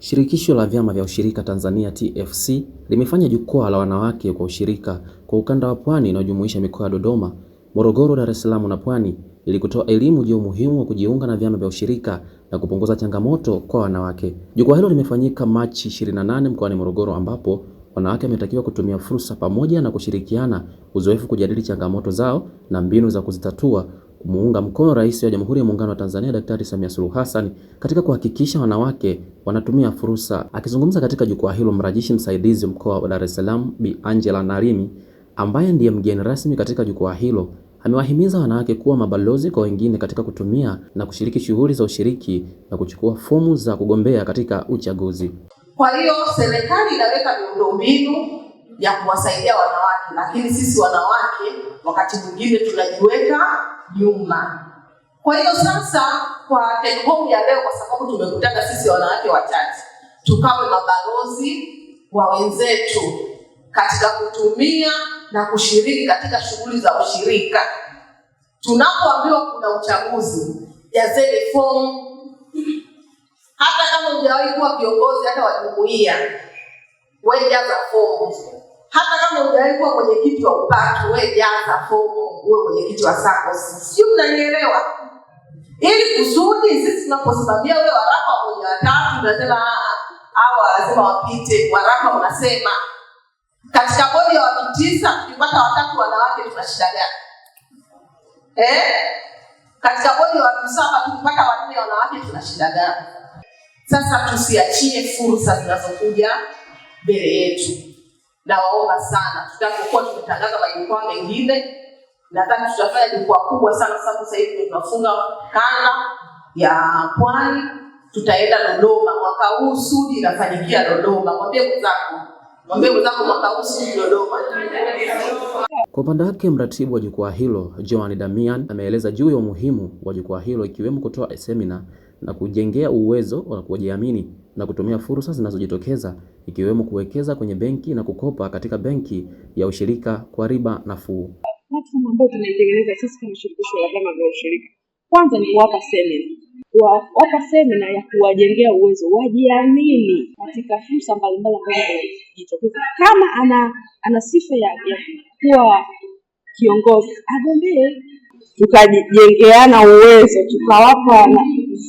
Shirikisho la Vyama vya Ushirika Tanzania TFC limefanya Jukwaa la Wanawake kwa Ushirika kwa ukanda wa Pwani unaojumuisha mikoa ya Dodoma, Morogoro, Dar es Salaam na Pwani ili kutoa elimu juu umuhimu wa kujiunga na vyama vya ushirika na kupunguza changamoto kwa wanawake. Jukwaa hilo limefanyika Machi 28 mkoani Morogoro ambapo wanawake wametakiwa kutumia fursa pamoja na kushirikiana uzoefu kujadili changamoto zao na mbinu za kuzitatua kumuunga mkono Rais wa Jamhuri ya Muungano wa Tanzania Daktari Samia Suluhu Hassan katika kuhakikisha wanawake wanatumia fursa. Akizungumza katika jukwaa hilo, mrajishi msaidizi mkoa wa Dar es Salaam Bi Angela Narimi, ambaye ndiye mgeni rasmi katika jukwaa hilo, amewahimiza wanawake kuwa mabalozi kwa wengine katika kutumia na kushiriki shughuli za ushiriki na kuchukua fomu za kugombea katika uchaguzi. Kwa hiyo serikali inaweka miundombinu ya kuwasaidia wanawake, lakini sisi wanawake wakati mwingine tunajiweka nyuma. Kwa hiyo sasa, kwa take home ya leo, kwa sababu tumekutana sisi wanawake wachache, tukawe mabalozi wa wenzetu katika kutumia na kushiriki katika shughuli za ushirika. Tunapoambiwa kuna uchaguzi, jazeni fomu, hata kama hujawahi kuwa kiongozi hata wa jumuiya, wewe jaza fomu hata kama hujawahi kuwa mwenyekiti wa upatu, wewe jaza fomu uwe mwenyekiti wa SACCOS, sijui mnanielewa. Ili kusudi sisi tunaposimamia ule waraka wa moja watatu, tunasema au ah, lazima ah, wapite waraka, unasema katika bodi ya watu tisa tukipata watatu wanawake tuna shida gani? Eh, katika bodi ya watu saba tukipata wanne wanawake tuna shida gani? Sasa tusiachie fursa zinazokuja mbele yetu nawaomba sana, tutakapokuwa tumetangaza majukwaa mengine, nadhani tutafanya jukwaa kubwa sana, kwa sababu sasa hivi tunafunga kanda ya Pwani, tutaenda Dodoma mwaka huu. Sudi inafanyikia Dodoma, mwambie mwenzako kwa upande wake mratibu wa jukwaa hilo Joan Damian ameeleza juu ya umuhimu wa jukwaa hilo ikiwemo kutoa semina na kujengea uwezo wa kujiamini na kutumia fursa zinazojitokeza ikiwemo kuwekeza kwenye benki na kukopa katika benki ya ushirika kwa riba nafuu. Platform ambayo tunaitengeneza sisi kama shirikisho la vyama vya ushirika, kwanza ni kuwapa semina, kuwapa semina ya kuwajengea uwezo, wajiamini katika fursa mbalimbali ambazo zinajitokeza. Kama ana ana sifa ya, ya kuwa kiongozi agombee, tukajengeana uwezo, tukawapa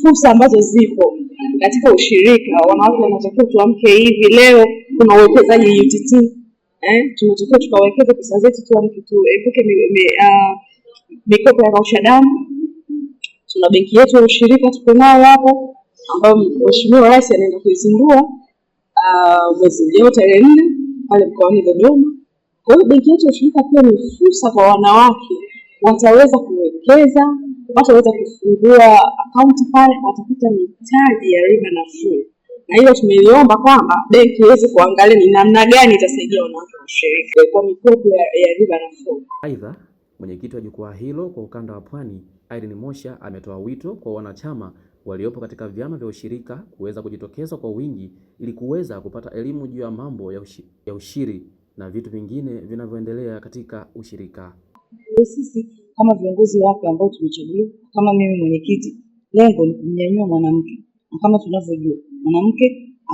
fursa ambazo zipo katika ushirika. Wanawake wanatakiwa tuamke hivi leo, kuna uwekezaji UTT eh, tunatakiwa tukawekeza pesa zetu, tuamke tuepuke ah, mikopo ya kausha damu. Tuna benki yetu ya ushirika tuko nayo hapo, ambayo Mheshimiwa Rais anaenda kuizindua ah, mwezi ujao tarehe nne pale mkoani Dodoma. Kwa hiyo benki yetu ya ushirika pia ni fursa kwa wanawake, wataweza kuwekeza waweza kufungua akaunti pale, watapata mitaji ya riba nafuu, na hiyo tumeliomba kwamba benki iweze kuangalia ni namna gani itasaidia wanawake washiriki kwa mikopo ya riba nafuu. Aidha, mwenyekiti wa jukwaa hilo kwa ukanda wa Pwani Irene Mosha ametoa wito kwa wanachama waliopo katika vyama vya ushirika kuweza kujitokeza kwa wingi ili kuweza kupata elimu juu ya mambo ya, ushi, ya ushiri na vitu vingine vinavyoendelea katika ushirika kama viongozi wapya ambao tumechaguliwa, kama mimi mwenyekiti, lengo ni kumnyanyua mwanamke, na kama tunavyojua mwanamke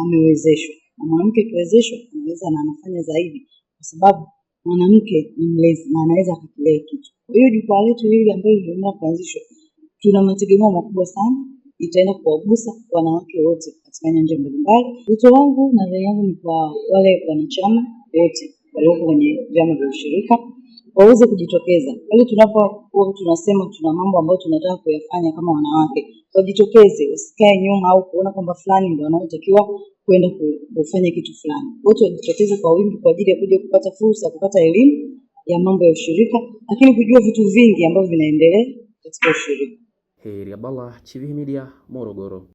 amewezeshwa, na mwanamke akiwezeshwa anaweza na anafanya zaidi, kwa sababu mwanamke ni mlezi na anaweza akakilea kitu. Kwa hiyo jukwaa letu hili ambalo linaenda kuanzishwa, tuna mategemeo makubwa sana, itaenda kuwagusa wanawake wote katika nyanja mbalimbali. Wito wangu na rai yangu ni kwa wale wanachama wote walioko kwenye vyama vya ushirika waweze kujitokeza pale tunapokuwa tunasema tuna mambo ambayo tunataka kuyafanya kama wanawake, wajitokeze, wasikae nyuma au kuona kwamba fulani ndio wanaotakiwa kwenda kufanya kitu fulani. Wote wajitokeze kwa wingi kwa ajili ya kuja kupata fursa ya kupata elimu ya mambo ya ushirika, lakini kujua vitu vingi ambavyo vinaendelea katika ushirika. Heri Abdallah, Chivihi Media, Morogoro.